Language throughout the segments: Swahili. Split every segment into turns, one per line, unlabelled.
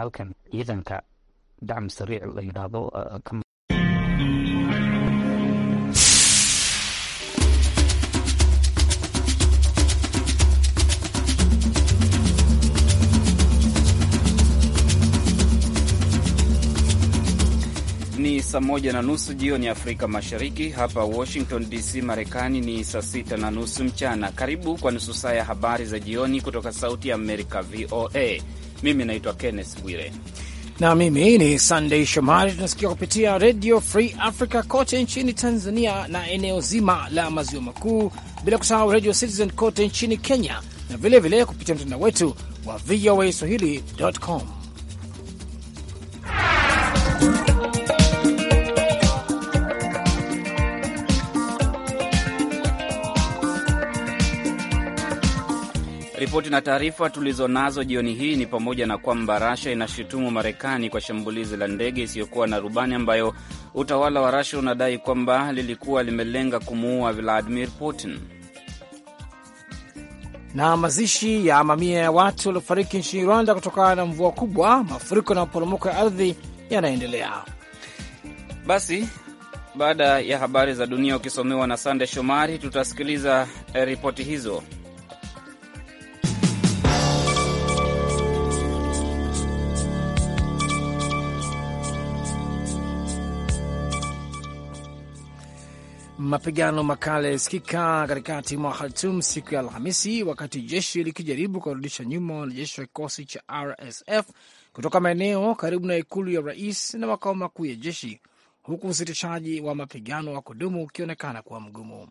halkan ciidanka dacm sariic la yidhaahdo Ni saa moja na nusu jioni Afrika Mashariki. Hapa Washington DC, Marekani ni saa sita na nusu mchana. Karibu kwa nusu saa ya habari za jioni kutoka Sauti ya Amerika, VOA. Mimi naitwa Kenneth
Bwire na mimi ni Sunday Shomari. Tunasikia kupitia Radio Free Africa kote nchini Tanzania na eneo zima la maziwa makuu, bila kusahau Radio Citizen kote nchini Kenya na vilevile vile kupitia mtandao wetu wa VOA swahili.com.
Ripoti na taarifa tulizonazo jioni hii ni pamoja na kwamba Rasha inashutumu Marekani kwa shambulizi la ndege isiyokuwa na rubani ambayo utawala wa Rasha unadai kwamba lilikuwa limelenga kumuua Vladimir Putin,
na mazishi ya mamia ya watu waliofariki nchini Rwanda kutokana na mvua kubwa, mafuriko na maporomoko ya ardhi yanaendelea.
Basi
baada ya habari za dunia ukisomewa na Sande Shomari, tutasikiliza eh, ripoti hizo.
Mapigano makali yalisikika katikati mwa Khartum siku ya Alhamisi wakati jeshi likijaribu kuwarudisha nyuma wanajeshi wa kikosi cha RSF kutoka maeneo karibu na ikulu ya rais na makao makuu ya jeshi, huku usitishaji wa mapigano wa kudumu ukionekana kuwa mgumu.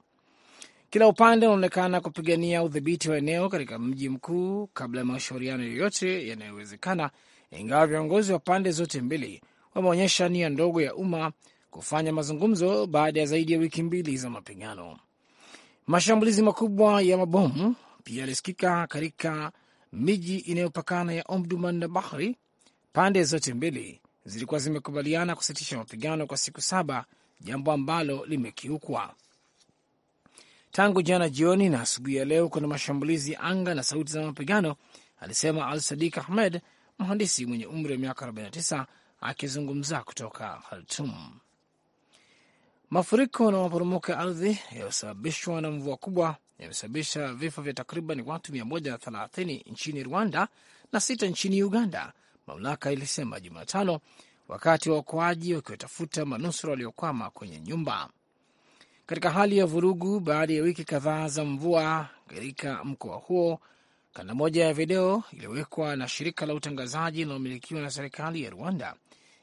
Kila upande unaonekana kupigania udhibiti wa eneo katika mji mkuu kabla ya mashauriano yoyote yanayowezekana, ingawa viongozi wa pande zote mbili wameonyesha nia ndogo ya umma kufanya mazungumzo baada ya zaidi ya wiki mbili za mapigano. Mashambulizi makubwa ya mabomu pia yalisikika katika miji inayopakana ya Omduman na Bahri. Pande zote mbili zilikuwa zimekubaliana kusitisha mapigano kwa siku saba, jambo ambalo limekiukwa tangu jana jioni na asubuhi ya leo. Kuna mashambulizi ya anga na sauti za mapigano, alisema Al Sadik Ahmed, mhandisi mwenye umri wa miaka 49 akizungumza kutoka Khartum. Mafuriko na maporomoko ya ardhi yaliyosababishwa na mvua kubwa yamesababisha vifo vya takriban watu 130 nchini Rwanda na sita nchini Uganda, mamlaka ilisema Jumatano, wakati wa waokoaji wakiwatafuta manusura waliokwama kwenye nyumba katika hali ya vurugu baada ya wiki kadhaa za mvua katika mkoa huo. Kanda moja ya video iliyowekwa na shirika la utangazaji linalomilikiwa na serikali ya Rwanda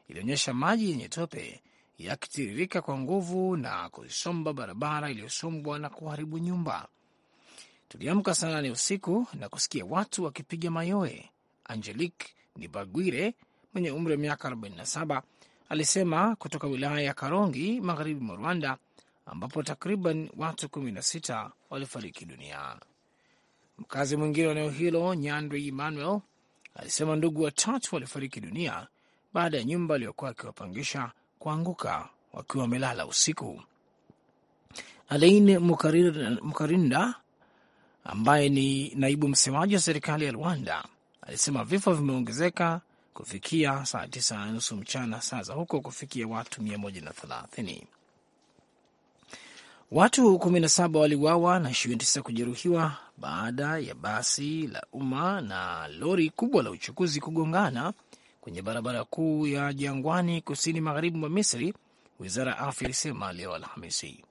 ilionyesha maji yenye tope yakitiririka kwa nguvu na kuisomba barabara iliyosombwa na kuharibu nyumba. Tuliamka saa nane usiku na kusikia watu wakipiga mayowe. Angelique Nibagwire mwenye umri wa miaka 47 alisema kutoka wilaya ya Karongi, magharibi mwa Rwanda, ambapo takriban watu 16 walifariki dunia. Mkazi mwingine wa eneo hilo Nyandwe Emmanuel alisema ndugu watatu walifariki dunia baada ya nyumba aliyokuwa akiwapangisha kuanguka wakiwa wamelala usiku. Alain Mukarinda ambaye ni naibu msemaji wa serikali ya Rwanda alisema vifo vimeongezeka kufikia saa tisa na nusu mchana saa za huko, kufikia watu thelathini. Watu 17 waliuawa na tisa kujeruhiwa baada ya basi la umma na lori kubwa la uchukuzi kugongana kwenye barabara kuu ya Jangwani kusini magharibi mwa Misri, wizara ya afya ilisema leo Alhamisi.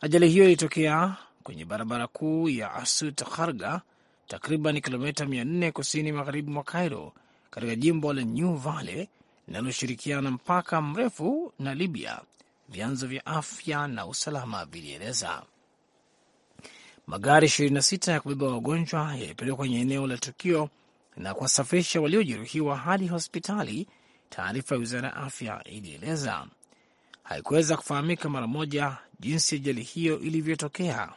Ajali hiyo ilitokea kwenye barabara kuu ya Asut Kharga, takriban kilomita 400 kusini magharibi mwa Cairo, katika jimbo la New Vale linaloshirikiana mpaka mrefu na Libya, vyanzo vya afya na usalama vilieleza. Magari 26 ya kubeba wagonjwa yalipelekwa kwenye eneo la tukio na kuwasafirisha waliojeruhiwa hadi hospitali, taarifa ya wizara ya afya ilieleza. Haikuweza kufahamika mara moja jinsi ajali hiyo ilivyotokea.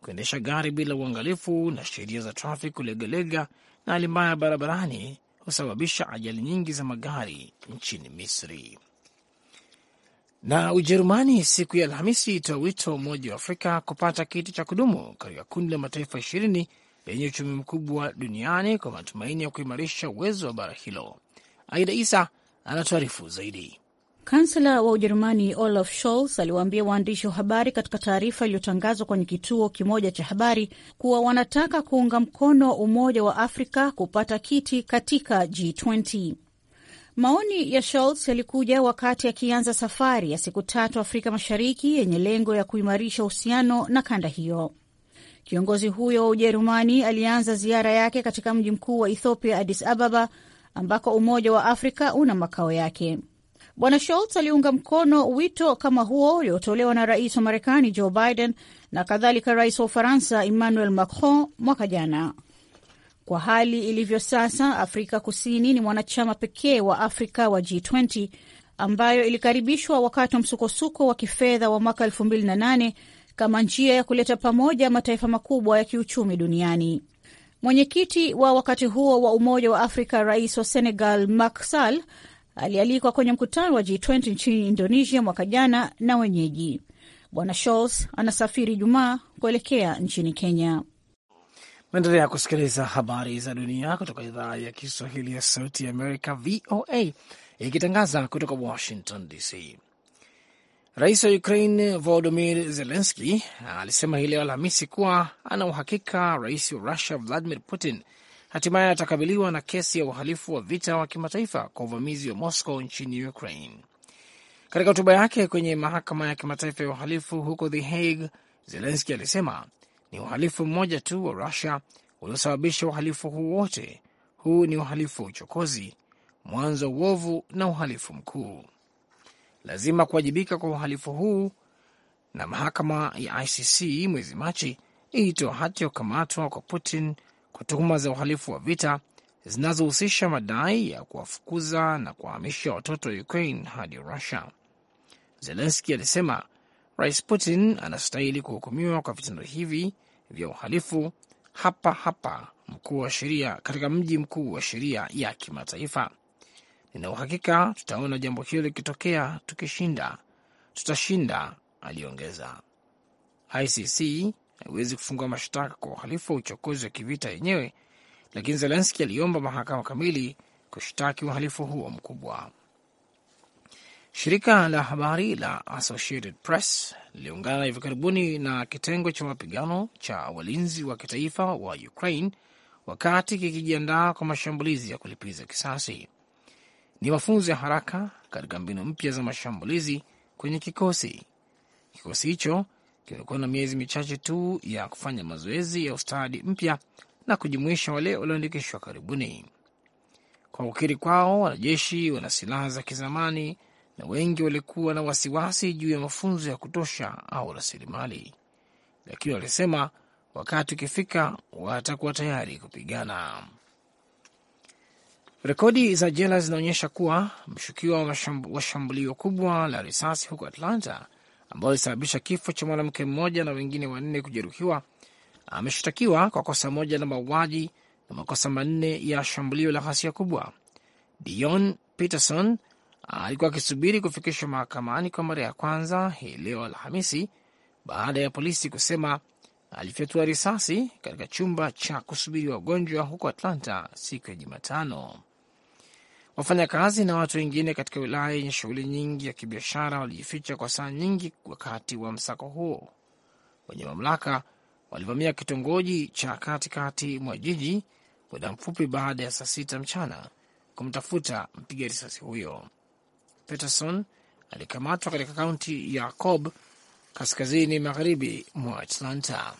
Kuendesha gari bila uangalifu na sheria za trafiki kulegalega na hali mbaya barabarani husababisha ajali nyingi za magari nchini Misri. Na Ujerumani siku ya Alhamisi itoa wito wa Umoja wa Afrika kupata kiti cha kudumu katika kundi la mataifa ishirini lenye uchumi mkubwa duniani kwa matumaini ya kuimarisha uwezo wa bara hilo. Aida Isa anatuarifu zaidi. Kansela wa Ujerumani Olaf
Scholz aliwaambia waandishi wa habari katika taarifa iliyotangazwa kwenye kituo kimoja cha habari kuwa wanataka kuunga mkono Umoja wa Afrika kupata kiti katika G20. Maoni ya Scholz yalikuja wakati akianza ya safari ya siku tatu Afrika Mashariki yenye lengo ya kuimarisha uhusiano na kanda hiyo. Kiongozi huyo wa Ujerumani alianza ziara yake katika mji mkuu wa Ethiopia, Addis Ababa, ambako Umoja wa Afrika una makao yake. Bwana Scholz aliunga mkono wito kama huo uliotolewa na rais wa Marekani Joe Biden na kadhalika rais wa Ufaransa Emmanuel Macron mwaka jana. Kwa hali ilivyo sasa, Afrika Kusini ni mwanachama pekee wa Afrika wa G20 ambayo ilikaribishwa wakati wa msukosuko wa kifedha wa mwaka 2008 kama njia ya kuleta pamoja mataifa makubwa ya kiuchumi duniani. Mwenyekiti wa wakati huo wa Umoja wa Afrika, rais wa Senegal Macky Sall alialikwa kwenye mkutano wa G20 nchini Indonesia mwaka jana na wenyeji. Bwana Scholz anasafiri Jumaa kuelekea nchini Kenya.
maendelea ya kusikiliza habari za dunia kutoka idhaa ya Kiswahili ya Sauti ya Amerika, VOA, ikitangaza kutoka Washington DC. Rais wa Ukraine Volodymyr zelenski alisema hii leo Alhamisi kuwa ana uhakika rais wa Russia Vladimir Putin hatimaye atakabiliwa na kesi ya uhalifu wa vita wa kimataifa kwa uvamizi wa Moscow nchini Ukraine. Katika hotuba yake kwenye mahakama ya kimataifa ya uhalifu huko The Hague, Zelenski alisema ni uhalifu mmoja tu wa Rusia uliosababisha uhalifu huu wote. Huu ni uhalifu wa uchokozi, mwanzo wa uovu na uhalifu mkuu lazima kuwajibika kwa uhalifu huu, na mahakama ya ICC mwezi Machi ilitoa hati ya kukamatwa kwa Putin kwa tuhuma za uhalifu wa vita zinazohusisha madai ya kuwafukuza na kuwahamisha watoto wa Ukraine hadi Russia. Zelenski alisema Rais Putin anastahili kuhukumiwa kwa vitendo hivi vya uhalifu hapa hapa, mkuu wa sheria katika mji mkuu wa sheria ya kimataifa. Nina uhakika tutaona jambo hilo likitokea tukishinda, tutashinda, aliongeza. ICC haiwezi kufungua mashtaka kwa uhalifu wa uchokozi wa kivita yenyewe, lakini Zelenski aliomba mahakama kamili kushtaki uhalifu huo mkubwa. Shirika la habari la Associated Press liliungana hivi karibuni na kitengo cha mapigano cha walinzi wa kitaifa wa Ukraine wakati kikijiandaa kwa mashambulizi ya kulipiza kisasi ni mafunzo ya haraka katika mbinu mpya za mashambulizi kwenye kikosi. Kikosi hicho kimekuwa na miezi michache tu ya kufanya mazoezi ya ustadi mpya na kujumuisha wale walioandikishwa karibuni. Kwa kukiri kwao, wanajeshi wana silaha za kizamani na wengi walikuwa na wasiwasi juu ya mafunzo ya kutosha au rasilimali, lakini walisema wakati ukifika watakuwa tayari kupigana. Rekodi za jela zinaonyesha kuwa mshukiwa wa shambulio kubwa la risasi huko Atlanta ambayo ilisababisha kifo cha mwanamke mmoja na wengine wanne kujeruhiwa ameshtakiwa kwa kosa moja la mauaji na makosa manne ya shambulio la ghasia kubwa. Dion Peterson alikuwa akisubiri kufikishwa mahakamani kwa mara ya kwanza hii leo Alhamisi baada ya polisi kusema alifyatua risasi katika chumba cha kusubiri wagonjwa huko Atlanta siku ya Jumatano. Wafanyakazi na watu wengine katika wilaya yenye shughuli nyingi ya kibiashara walijificha kwa saa nyingi wakati wa msako huo. Wenye mamlaka walivamia kitongoji cha katikati mwa jiji muda mfupi baada ya saa sita mchana kumtafuta mpiga risasi huyo. Peterson alikamatwa katika kaunti ya Cobb kaskazini magharibi mwa Atlanta.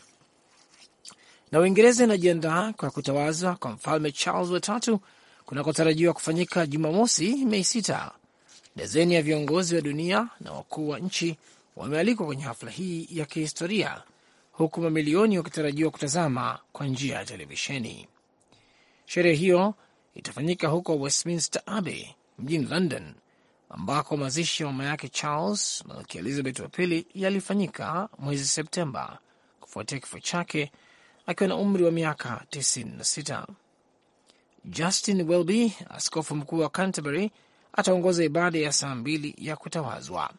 Na Uingereza inajiandaa kwa kutawazwa kwa mfalme Charles watatu kunakotarajiwa kufanyika Jumamosi, Mei sita. Dazeni ya viongozi wa dunia na wakuu wa nchi wamealikwa kwenye hafla hii ya kihistoria, huku mamilioni wakitarajiwa kutazama kwa njia ya televisheni. Sherehe hiyo itafanyika huko Westminster Abbey mjini London, ambako mazishi ya mama yake Charles, malkia Elizabeth wa pili, yalifanyika mwezi Septemba kufuatia kifo chake akiwa na umri wa miaka 96. Justin Welby, askofu mkuu wa Canterbury, ataongoza ibada ya saa mbili ya kutawazwa.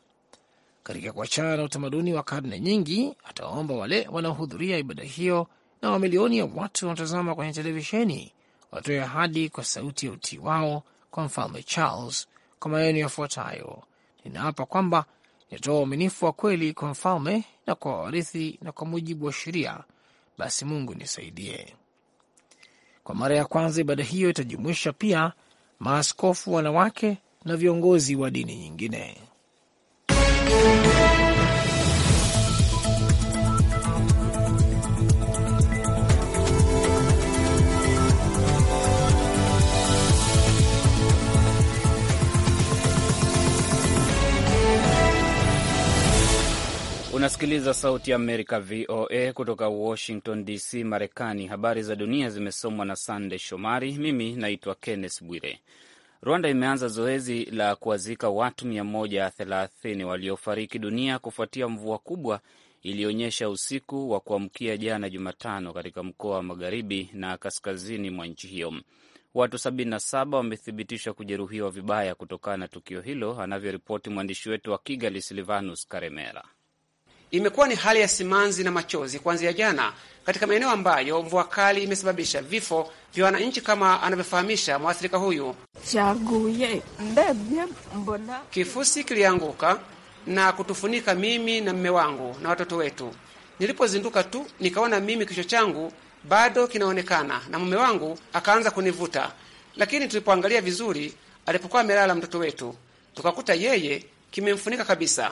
Katika kuachana na utamaduni wa karne nyingi, atawaomba wale wanaohudhuria ibada hiyo na mamilioni ya watu wanaotazama kwenye televisheni watoe ahadi kwa sauti ya utii wao kwa mfalme Charles kwa maneno yafuatayo: ninaapa kwamba nitatoa uaminifu wa kweli kwa mfalme na kwa warithi na kwa mujibu wa sheria. Basi Mungu nisaidie. Kwa mara ya kwanza ibada hiyo itajumuisha pia maaskofu wanawake na viongozi wa dini nyingine.
Unasikiliza Sauti ya Amerika, VOA, kutoka Washington DC, Marekani. Habari za dunia zimesomwa na Sande Shomari. Mimi naitwa Kenneth Bwire. Rwanda imeanza zoezi la kuwazika watu 130 waliofariki dunia kufuatia mvua kubwa iliyoonyesha usiku wa kuamkia jana Jumatano katika mkoa wa magharibi na kaskazini mwa nchi hiyo. Watu 77 wamethibitishwa kujeruhiwa vibaya kutokana na tukio hilo, anavyoripoti mwandishi wetu wa Kigali, Silvanus
Karemera. Imekuwa ni hali ya simanzi na machozi kuanzia jana katika maeneo ambayo mvua kali imesababisha vifo vya wananchi, kama anavyofahamisha mwathirika huyu. kifusi kilianguka na kutufunika mimi na mme wangu na watoto wetu. Nilipozinduka tu nikaona mimi kichwa changu bado kinaonekana na mume wangu akaanza kunivuta, lakini tulipoangalia vizuri, alipokuwa amelala mtoto wetu, tukakuta yeye kimemfunika kabisa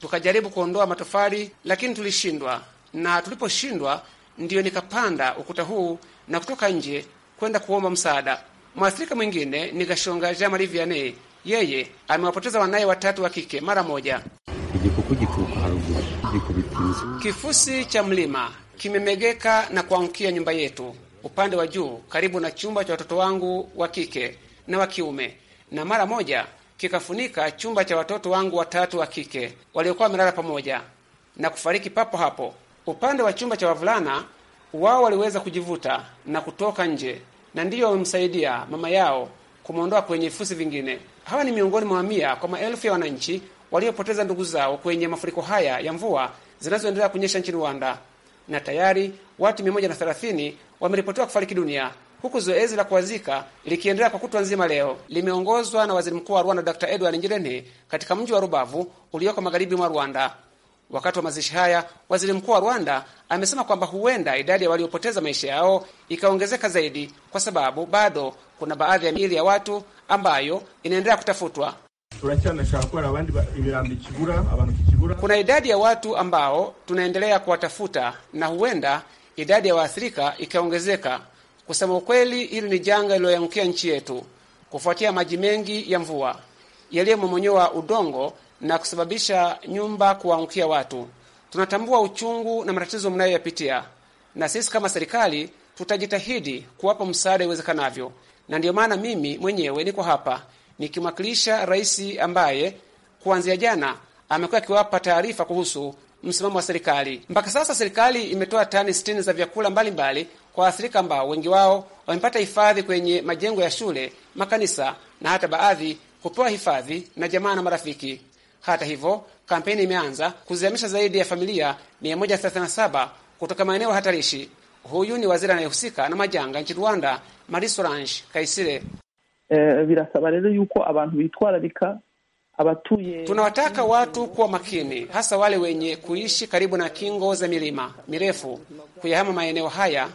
tukajaribu kuondoa matofali lakini tulishindwa, na tuliposhindwa ndiyo nikapanda ukuta huu na kutoka nje kwenda kuomba msaada. Mwathirika mwingine ni Gashonga Jean Marie Vianney, yeye amewapoteza wanaye watatu wa kike mara moja. Kifusi cha mlima kimemegeka na kuangukia nyumba yetu upande wa juu karibu na chumba cha watoto wangu wa kike na wa kiume, na mara moja kikafunika chumba cha watoto wangu watatu wa kike waliokuwa wamelala pamoja na kufariki papo hapo. Upande wa chumba cha wavulana wao waliweza kujivuta na kutoka nje, na ndiyo wamemsaidia mama yao kumwondoa kwenye vifusi vingine. Hawa ni miongoni mwa mamia kwa maelfu ya wananchi waliopoteza ndugu zao kwenye mafuriko haya ya mvua zinazoendelea kunyesha nchini Rwanda, na tayari watu 130 wameripotiwa kufariki dunia huku zoezi la kuwazika likiendelea kwa kutwa nzima leo, limeongozwa na waziri mkuu wa Rwanda Dr Edward Ngirente katika mji wa Rubavu ulioko magharibi mwa Rwanda. Wakati wa mazishi haya, waziri mkuu wa Rwanda amesema kwamba huenda idadi ya waliopoteza maisha yao ikaongezeka zaidi, kwa sababu bado kuna baadhi ya miili ya watu ambayo inaendelea kutafutwa. Kuna idadi ya watu ambao tunaendelea kuwatafuta na huenda idadi ya waathirika ikaongezeka Kusema ukweli, hili ni janga iliyoangukia nchi yetu kufuatia maji mengi ya mvua yaliyomomonyoa udongo na kusababisha nyumba kuwaangukia watu. Tunatambua uchungu na matatizo mnayoyapitia, na sisi kama serikali tutajitahidi kuwapa msaada iwezekanavyo, na ndiyo maana mimi mwenyewe niko hapa nikimwakilisha rais ambaye kuanzia jana amekuwa akiwapa taarifa kuhusu msimamo wa serikali. Mpaka sasa serikali imetoa tani sitini za vyakula mbalimbali kwa waathirika ambao wengi wao wamepata hifadhi kwenye majengo ya shule, makanisa na hata baadhi kupewa hifadhi na jamaa na marafiki. Hata hivyo, kampeni imeanza kuzihamisha zaidi ya familia 137 kutoka maeneo hatarishi. Huyu ni waziri anayehusika na majanga nchini Rwanda, Marie Solange Kayisire.
Eh, birasaba rero yuko abantu bitwararika abatuye.
Tunawataka watu kuwa makini, hasa wale wenye kuishi karibu na kingo za milima mirefu kuyahama maeneo haya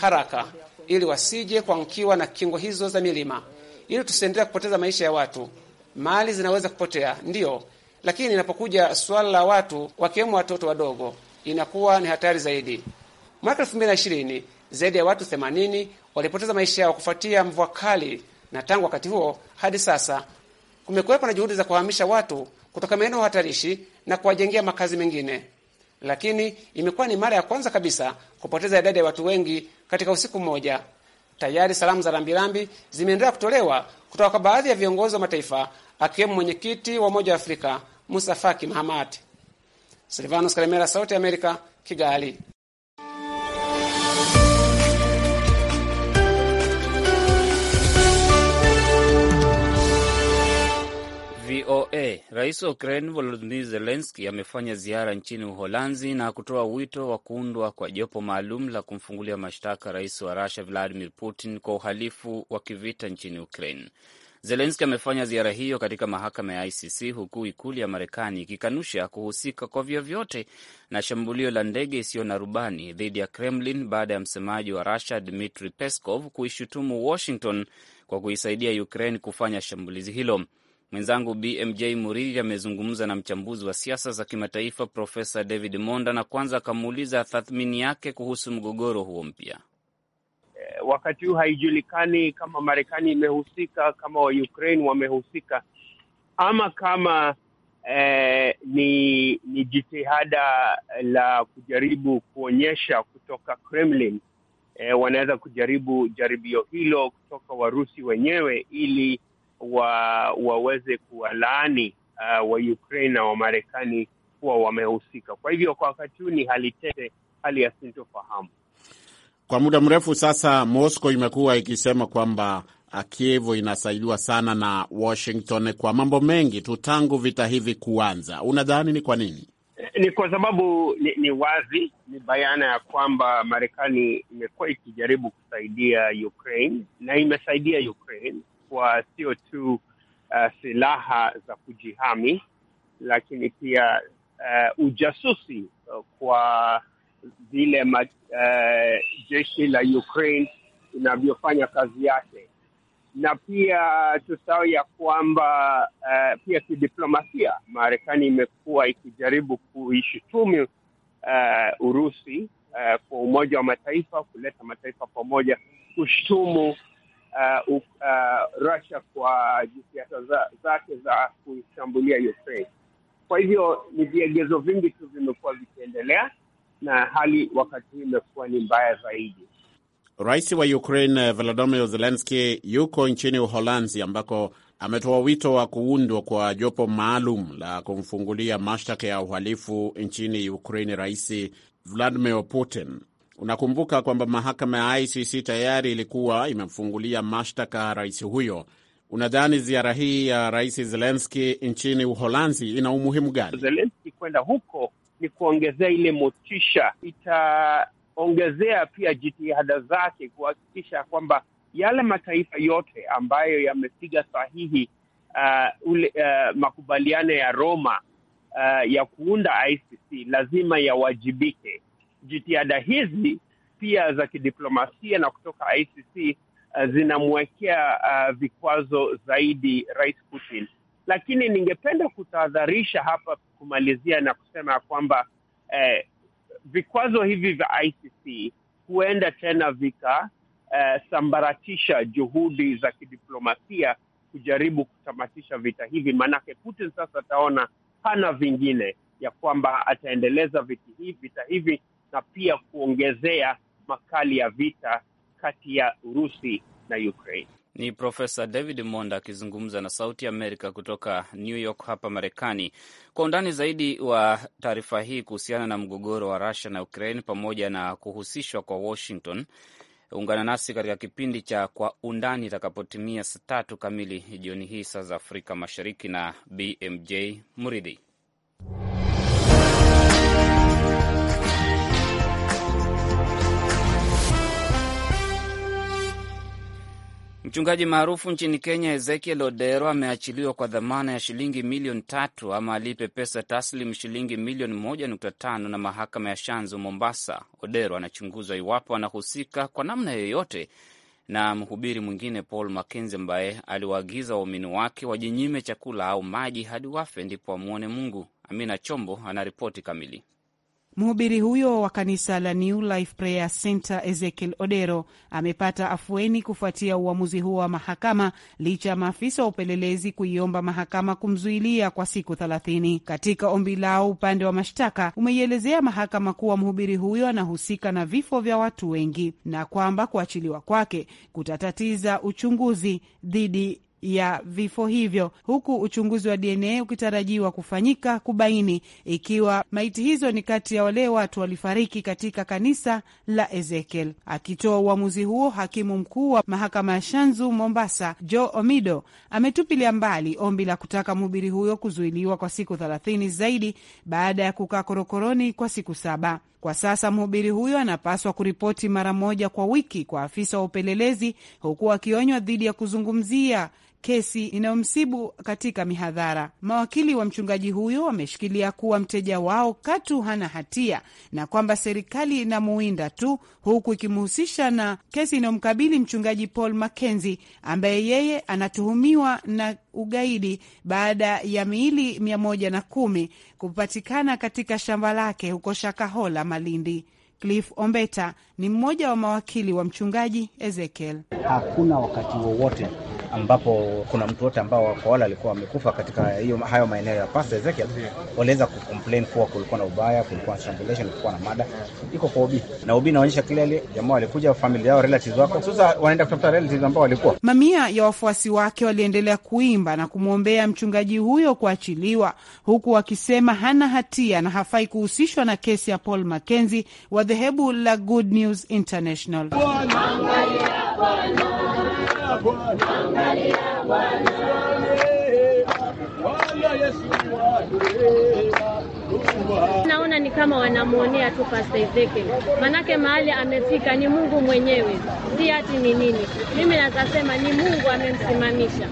haraka, ili wasije kuangukiwa na kingo hizo za milima, ili tusiendelee kupoteza maisha ya watu. Mali zinaweza kupotea, ndiyo, lakini inapokuja swala la watu, wakiwemo watoto wadogo, inakuwa ni hatari zaidi. Mwaka elfu mbili na ishirini zaidi ya watu 80 walipoteza maisha yao kufuatia mvua kali, na tangu wakati huo hadi sasa kumekuwepo na juhudi za kuhamisha watu kutoka maeneo hatarishi na kuwajengea makazi mengine lakini imekuwa ni mara ya kwanza kabisa kupoteza idadi ya watu wengi katika usiku mmoja. Tayari salamu za rambirambi zimeendelea kutolewa kutoka kwa baadhi ya viongozi wa mataifa akiwemo mwenyekiti wa Umoja wa Afrika Musa Faki Mahamat. Silvanos Kalemera, Sauti ya Amerika, Kigali.
VOA. Rais wa Ukraine Volodymyr Zelensky amefanya ziara nchini Uholanzi na kutoa wito wa kuundwa kwa jopo maalum la kumfungulia mashtaka rais wa Rusia Vladimir Putin kwa uhalifu wa kivita nchini Ukraine. Zelenski amefanya ziara hiyo katika mahakama ya ICC huku ikulu ya Marekani ikikanusha kuhusika kwa vyovyote na shambulio la ndege isiyo na rubani dhidi ya Kremlin baada ya msemaji wa Rusia Dmitri Peskov kuishutumu Washington kwa kuisaidia Ukraine kufanya shambulizi hilo. Mwenzangu BMJ Muridhi amezungumza na mchambuzi wa siasa za kimataifa Profesa David Monda na kwanza akamuuliza tathmini yake kuhusu mgogoro huo mpya.
Eh, wakati huu haijulikani kama Marekani imehusika, kama wa Ukraine wamehusika, ama kama eh, ni ni jitihada la kujaribu kuonyesha kutoka Kremlin eh, wanaweza kujaribu jaribio hilo kutoka Warusi wenyewe ili wa, waweze kuwalaani uh, wa Ukraine na Wamarekani kuwa wamehusika. Kwa hivyo kwa wakati huu ni hali tete, hali ya sintofahamu. Kwa muda mrefu sasa, Moscow imekuwa ikisema kwamba uh, Kiev inasaidiwa sana na Washington kwa mambo mengi tu tangu vita hivi kuanza. Unadhani ni kwa nini? Ni kwa sababu ni, ni wazi ni bayana ya kwamba Marekani imekuwa ikijaribu kusaidia Ukraine na imesaidia Ukraine kwa sio tu uh, silaha za kujihami, lakini pia uh, ujasusi kwa vile uh, jeshi la Ukraine inavyofanya kazi yake, na pia tusahau ya kwamba uh, pia kidiplomasia, Marekani imekuwa ikijaribu kuishutumu uh, Urusi uh, kwa Umoja wa Mataifa, kuleta mataifa pamoja kushutumu uh, uh, Russia kwa jitihada za, zake za kuishambulia Ukraine. Kwa hivyo ni viegezo vingi tu vimekuwa vikiendelea na hali wakati huu imekuwa ni mbaya zaidi. Rais wa Ukraine Volodymyr Zelensky yuko nchini Uholanzi ambako ametoa wito wa kuundwa kwa jopo maalum la kumfungulia mashtaka ya uhalifu nchini Ukraine Rais Vladimir Putin. Unakumbuka kwamba mahakama ya ICC tayari ilikuwa imemfungulia mashtaka rais huyo. Unadhani ziara hii ya rais Zelenski nchini Uholanzi ina umuhimu gani? Zelenski kwenda huko ni kuongezea ile motisha, itaongezea pia jitihada zake kuhakikisha kwamba yale mataifa yote ambayo yamepiga sahihi uh, ule, uh, makubaliano ya Roma uh, ya kuunda ICC lazima yawajibike jitihada hizi pia za kidiplomasia na kutoka ICC uh, eh, zinamwekea uh, vikwazo zaidi Rais Putin, lakini ningependa kutahadharisha hapa kumalizia na kusema ya kwamba eh, vikwazo hivi vya ICC huenda tena vikasambaratisha eh, juhudi za kidiplomasia kujaribu kutamatisha vita hivi, maanake Putin sasa ataona hana vingine ya kwamba ataendeleza vita hivi, vita hivi na pia kuongezea makali ya
vita kati ya Urusi na Ukraine. Ni Profesa David Monda akizungumza na Sauti Amerika kutoka New York hapa Marekani. Kwa undani zaidi wa taarifa hii kuhusiana na mgogoro wa Rusia na Ukraine pamoja na kuhusishwa kwa Washington, ungana nasi katika kipindi cha Kwa Undani itakapotimia saa tatu kamili jioni hii saa za Afrika Mashariki na BMJ Muridhi. Mchungaji maarufu nchini Kenya Ezekiel Odero ameachiliwa kwa dhamana ya shilingi milioni tatu ama alipe pesa taslim shilingi milioni moja nukta tano na mahakama ya Shanzu Mombasa. Odero anachunguzwa iwapo anahusika kwa namna yoyote na mhubiri mwingine Paul makenzi ambaye aliwaagiza waumini wake wajinyime chakula au maji hadi wafe ndipo amwone Mungu. Amina Chombo anaripoti kamili.
Mhubiri huyo wa kanisa la New Life Prayer Center Ezekiel Odero amepata afueni kufuatia uamuzi huo wa mahakama, licha ya maafisa wa upelelezi kuiomba mahakama kumzuilia kwa siku thelathini. Katika ombi lao, upande wa mashtaka umeielezea mahakama kuwa mhubiri huyo anahusika na vifo vya watu wengi na kwamba kuachiliwa kwake kutatatiza uchunguzi dhidi ya vifo hivyo, huku uchunguzi wa DNA ukitarajiwa kufanyika kubaini ikiwa maiti hizo ni kati ya wale watu walifariki katika kanisa la Ezekiel. Akitoa uamuzi huo, hakimu mkuu wa mahakama ya Shanzu Mombasa, Joe Omido, ametupilia mbali ombi la kutaka mhubiri huyo kuzuiliwa kwa siku thelathini zaidi baada ya kukaa korokoroni kwa siku saba. Kwa sasa mhubiri huyo anapaswa kuripoti mara moja kwa wiki kwa afisa wa upelelezi, huku akionywa dhidi ya kuzungumzia kesi inayomsibu katika mihadhara. Mawakili wa mchungaji huyo wameshikilia kuwa mteja wao katu hana hatia na kwamba serikali inamuwinda tu, huku ikimhusisha na kesi inayomkabili mchungaji Paul Mackenzie ambaye yeye anatuhumiwa na ugaidi baada ya miili mia moja na kumi kupatikana katika shamba lake huko Shakahola, Malindi. Cliff Ombeta ni mmoja wa mawakili wa mchungaji Ezekiel.
Hakuna wakati wowote wa ambapo kuna mtu wote
ambao kwa wale walikuwa wamekufa katika hiyo hayo maeneo ya Pastor Ezekiel waliweza kucomplain kuwa kulikuwa na ubaya, kulikuwa na strangulation, kulikuwa na mada iko kwa ubi na ubi naonyesha kile ile jamaa walikuja,
family yao, relatives wako sasa wanaenda kutafuta relatives ambao walikuwa.
Mamia ya wafuasi wake waliendelea kuimba na kumwombea mchungaji huyo kuachiliwa, huku wakisema hana hatia na hafai kuhusishwa na kesi ya Paul Mackenzie wa dhehebu la Good News International. Bona, Bwana, Bwana. Bwana Yesu, wale
Naona ni kama wanamwonea tu Pastor Ezekiel, manake mahali amefika ni Mungu mwenyewe, si hati ni nini. Mimi nazasema ni Mungu amemsimamisha.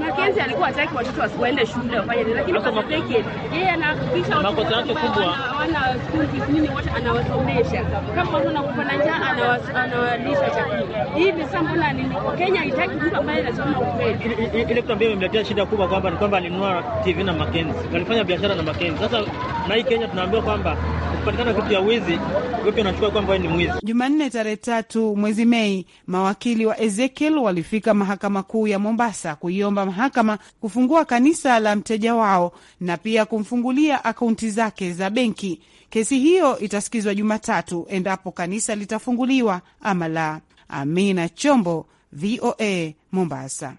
Makenzi alikuwa hataki watoto wasiende shule wafanye nini, lakini pasta Ezekiel yeye anahakikisha watoto wake kubwa hawana school fees nini, wote anawasomesha. Kama watu wanakufa na njaa, anawalisha chakula. Hivi sasa mbona nini Kenya haitaki mtu ambaye anasoma ukweli?
Ile kitu ambayo imemletea shida kubwa kwamba ni kwamba alinunua TV na Makenzi, walifanya biashara na Makenzi sasa na hii Kenya tunaambiwa kwamba kupatikana kitu ya wizi wote unachukua kwamba ni mwizi.
Jumanne tarehe tatu mwezi Mei, mawakili wa Ezekiel walifika mahakama kuu ya Mombasa kuiomba mahakama kufungua kanisa la mteja wao na pia kumfungulia akaunti zake za benki. Kesi hiyo itasikizwa Jumatatu endapo kanisa litafunguliwa ama la. Amina Chombo, VOA Mombasa.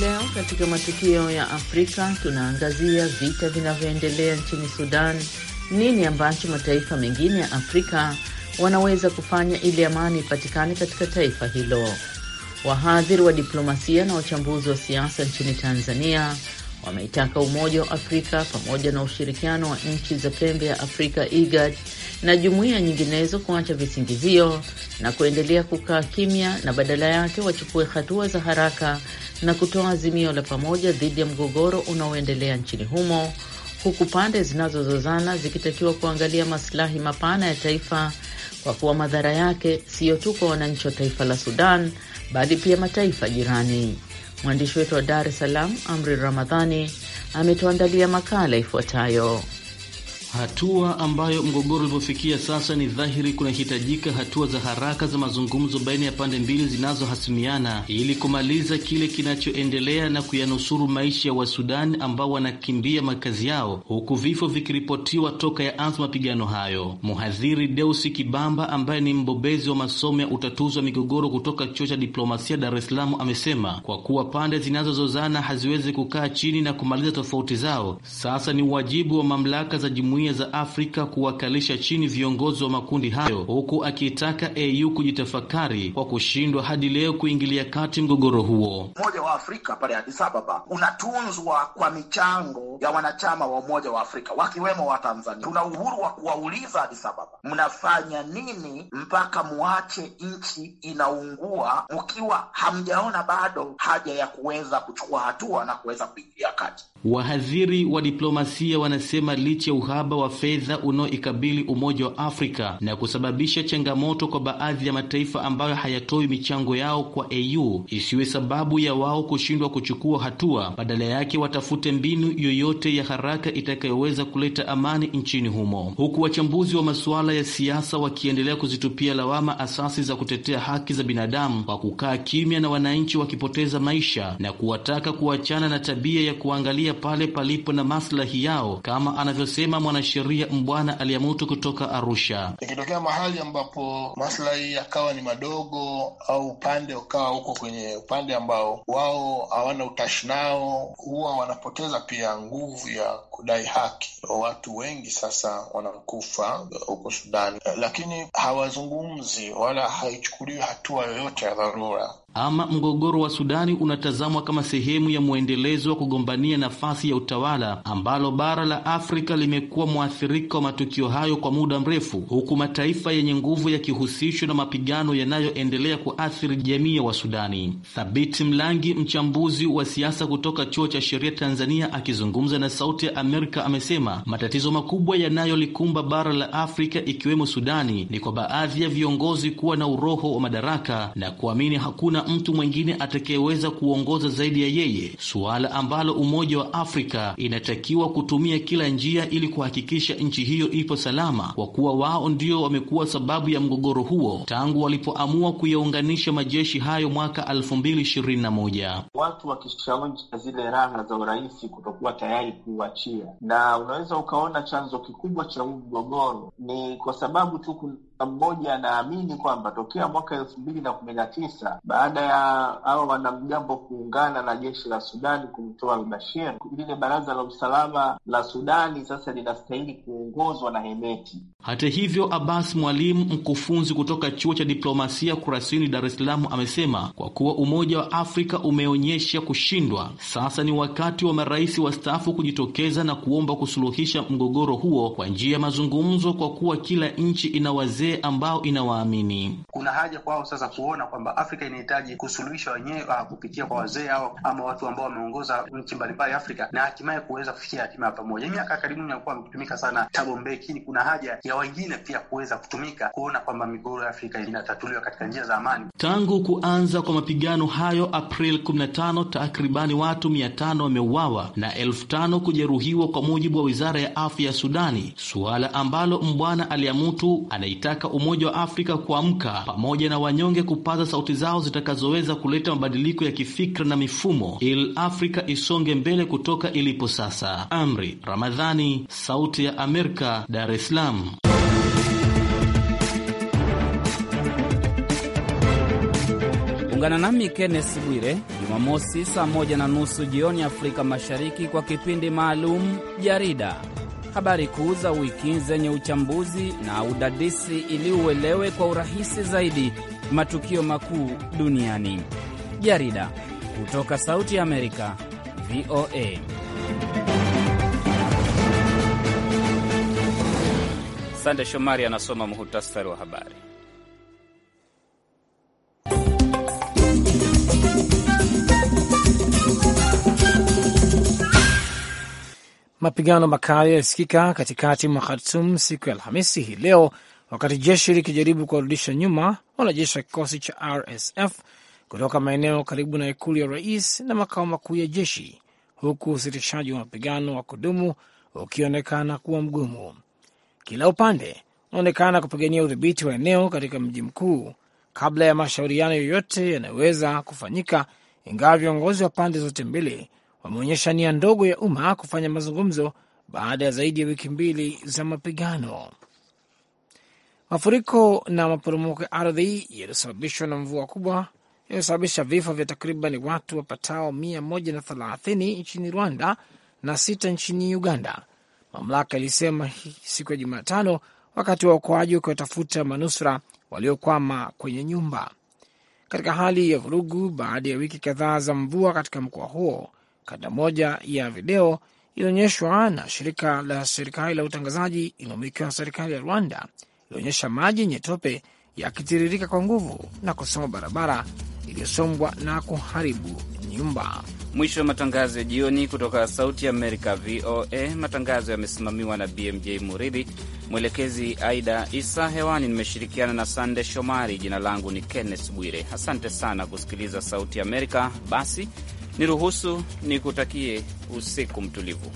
Leo katika matukio ya Afrika tunaangazia vita vinavyoendelea nchini Sudan. Nini ambacho mataifa mengine ya Afrika wanaweza kufanya ili amani ipatikane katika taifa hilo? Wahadhiri wa diplomasia na wachambuzi wa siasa nchini Tanzania wameitaka Umoja wa Afrika pamoja na ushirikiano wa nchi za pembe ya Afrika IGAD na jumuiya nyinginezo kuacha visingizio na kuendelea kukaa kimya na badala yake wachukue hatua za haraka na kutoa azimio la pamoja dhidi ya mgogoro unaoendelea nchini humo, huku pande zinazozozana zikitakiwa kuangalia masilahi mapana ya taifa kwa kuwa madhara yake siyo tu kwa wananchi wa taifa la Sudan bali pia mataifa jirani. Mwandishi wetu wa Dar es Salaam, Amri Ramadhani, ametuandalia makala ifuatayo
hatua ambayo mgogoro ulivyofikia sasa, ni dhahiri kunahitajika hatua za haraka za mazungumzo baina ya pande mbili zinazohasimiana ili kumaliza kile kinachoendelea na kuyanusuru maisha ya Wasudani ambao wanakimbia makazi yao, huku vifo vikiripotiwa toka ya anza mapigano hayo. Mhadhiri Deusi Kibamba ambaye ni mbobezi wa masomo ya utatuzi wa migogoro kutoka chuo cha diplomasia Dar es Salaam amesema kwa kuwa pande zinazozozana haziwezi kukaa chini na kumaliza tofauti zao, sasa ni uwajibu wa mamlaka za jumuiya jumuiya za Afrika kuwakalisha chini viongozi wa makundi hayo, huku akitaka AU kujitafakari kwa kushindwa hadi leo kuingilia kati mgogoro huo.
Umoja wa Afrika
pale Addis Ababa
unatunzwa kwa michango ya wanachama wa Umoja wa Afrika wakiwemo wa Tanzania. Tuna uhuru wa kuwauliza Addis Ababa, mnafanya nini mpaka muache nchi inaungua, mkiwa hamjaona bado haja ya kuweza
kuchukua hatua na kuweza kuingilia
kati? Wahadhiri wa diplomasia wanasema licha ya uhaba uhaba wa fedha unaoikabili Umoja wa Afrika na kusababisha changamoto kwa baadhi ya mataifa ambayo hayatoi michango yao kwa AU isiwe sababu ya wao kushindwa kuchukua hatua, badala yake watafute mbinu yoyote ya haraka itakayoweza kuleta amani nchini humo, huku wachambuzi wa masuala ya siasa wakiendelea kuzitupia lawama asasi za kutetea haki za binadamu kwa kukaa kimya na wananchi wakipoteza maisha na kuwataka kuachana na tabia ya kuangalia pale palipo na maslahi yao kama anavyosema mwana mwanasheria Mbwana aliyemutu kutoka Arusha.
Ikitokea mahali ambapo maslahi yakawa ni madogo au upande ukawa huko kwenye upande ambao wao hawana utashi nao, huwa wanapoteza pia nguvu ya kudai haki. Watu wengi sasa wanakufa huko Sudani, lakini hawazungumzi wala haichukuliwi hatua yoyote ya dharura.
Ama mgogoro wa Sudani unatazamwa kama sehemu ya mwendelezo wa kugombania nafasi ya utawala ambalo bara la Afrika limekuwa mwathirika wa matukio hayo kwa muda mrefu, huku mataifa yenye nguvu yakihusishwa na mapigano yanayoendelea kuathiri jamii ya Wasudani. Thabiti Mlangi, mchambuzi wa siasa kutoka Chuo cha Sheria Tanzania, akizungumza na Sauti ya Amerika, amesema matatizo makubwa yanayolikumba bara la Afrika ikiwemo Sudani ni kwa baadhi ya viongozi kuwa na uroho wa madaraka na kuamini hakuna hakuna mtu mwingine atakayeweza kuongoza zaidi ya yeye, suala ambalo Umoja wa Afrika inatakiwa kutumia kila njia ili kuhakikisha nchi hiyo ipo salama, kwa kuwa wao ndio wamekuwa sababu ya mgogoro huo tangu walipoamua kuyaunganisha majeshi hayo mwaka 2021. Watu
wakishaonja zile raha za urahisi, kutokuwa tayari kuachia, na unaweza ukaona chanzo kikubwa cha huu mgogoro ni kwa sababu tu mmoja anaamini kwamba tokea mwaka elfu mbili na kumi na tisa baada ya hawa wanamgambo kuungana na jeshi la Sudani kumtoa Albashir, lile baraza la usalama la Sudani sasa linastahili kuongozwa na Hemeti.
Hata hivyo, Abbas Mwalimu, mkufunzi kutoka chuo cha diplomasia Kurasini, Dar es Salaam, amesema kwa kuwa Umoja wa Afrika umeonyesha kushindwa, sasa ni wakati wa marais wastaafu kujitokeza na kuomba kusuluhisha mgogoro huo kwa njia ya mazungumzo, kwa kuwa kila nchi ina wazee wale ambao inawaamini kuna haja kwao sasa kuona kwamba Afrika inahitaji kusuluhisha wenyewe ah, kupitia kwa wazee ao ama watu ambao wameongoza nchi mbalimbali Afrika na hatimaye kuweza kufikia hatima ya pamoja. Miaka yaani ya karibuni amekuwa ametumika sana Thabo Mbeki. Kuna haja ya wengine pia kuweza kutumika kuona kwamba migogoro ya Afrika inatatuliwa katika njia za amani. Tangu kuanza kwa mapigano hayo April 15, takribani watu 500 wameuawa na elfu tano kujeruhiwa kwa mujibu wa wizara ya afya ya Sudani, suala ambalo Mbwana Aliamutu anaitaka Umoja wa Afrika kuamka pamoja na wanyonge kupaza sauti zao zitakazoweza kuleta mabadiliko ya kifikra na mifumo ili Afrika isonge mbele kutoka ilipo sasa. Amri Ramadhani, Sauti ya Amerika, Dar es Salaam.
Ungana nami Kenneth Bwire Jumamosi saa moja na nusu jioni Afrika Mashariki kwa kipindi maalum Jarida habari kuu za wiki zenye uchambuzi na udadisi ili uelewe kwa urahisi zaidi matukio makuu duniani. Jarida kutoka Sauti ya Amerika, VOA. Sande Shomari anasoma muhutasari wa habari.
Mapigano makali yalisikika katikati mwa Khartum siku ya Alhamisi hii leo, wakati jeshi likijaribu kuwarudisha nyuma wanajeshi wa kikosi cha RSF kutoka maeneo karibu na ikulu ya rais na makao makuu ya jeshi, huku usitishaji wa mapigano wa kudumu ukionekana kuwa mgumu. Kila upande unaonekana kupigania udhibiti wa eneo katika mji mkuu kabla ya mashauriano yoyote yanayoweza kufanyika, ingawa viongozi wa pande zote mbili wameonyesha nia ndogo ya umma kufanya mazungumzo baada ya zaidi ya wiki mbili za mapigano. Mafuriko na maporomoko ya ardhi yaliyosababishwa na mvua kubwa yaliyosababisha vifo vya takriban watu wapatao thelathini nchini Rwanda na sita nchini Uganda, mamlaka ilisema siku ya Jumatano, wakati wa uokoaji wakiwatafuta manusura waliokwama kwenye nyumba katika hali ya vurugu baada ya wiki kadhaa za mvua katika mkoa huo. Kanda moja ya video ilionyeshwa na shirika la serikali la utangazaji inayomilikiwa na serikali ya Rwanda ilionyesha maji yenye tope yakitiririka kwa nguvu na kusoma barabara iliyosombwa na kuharibu nyumba.
Mwisho wa matangazo ya jioni kutoka Sauti ya Amerika, VOA. Matangazo yamesimamiwa na BMJ Muridhi, mwelekezi Aida Isa. Hewani nimeshirikiana na Sande Shomari. Jina langu ni Kenneth Bwire. Asante sana kusikiliza Sauti ya Amerika. Basi Niruhusu nikutakie usiku mtulivu.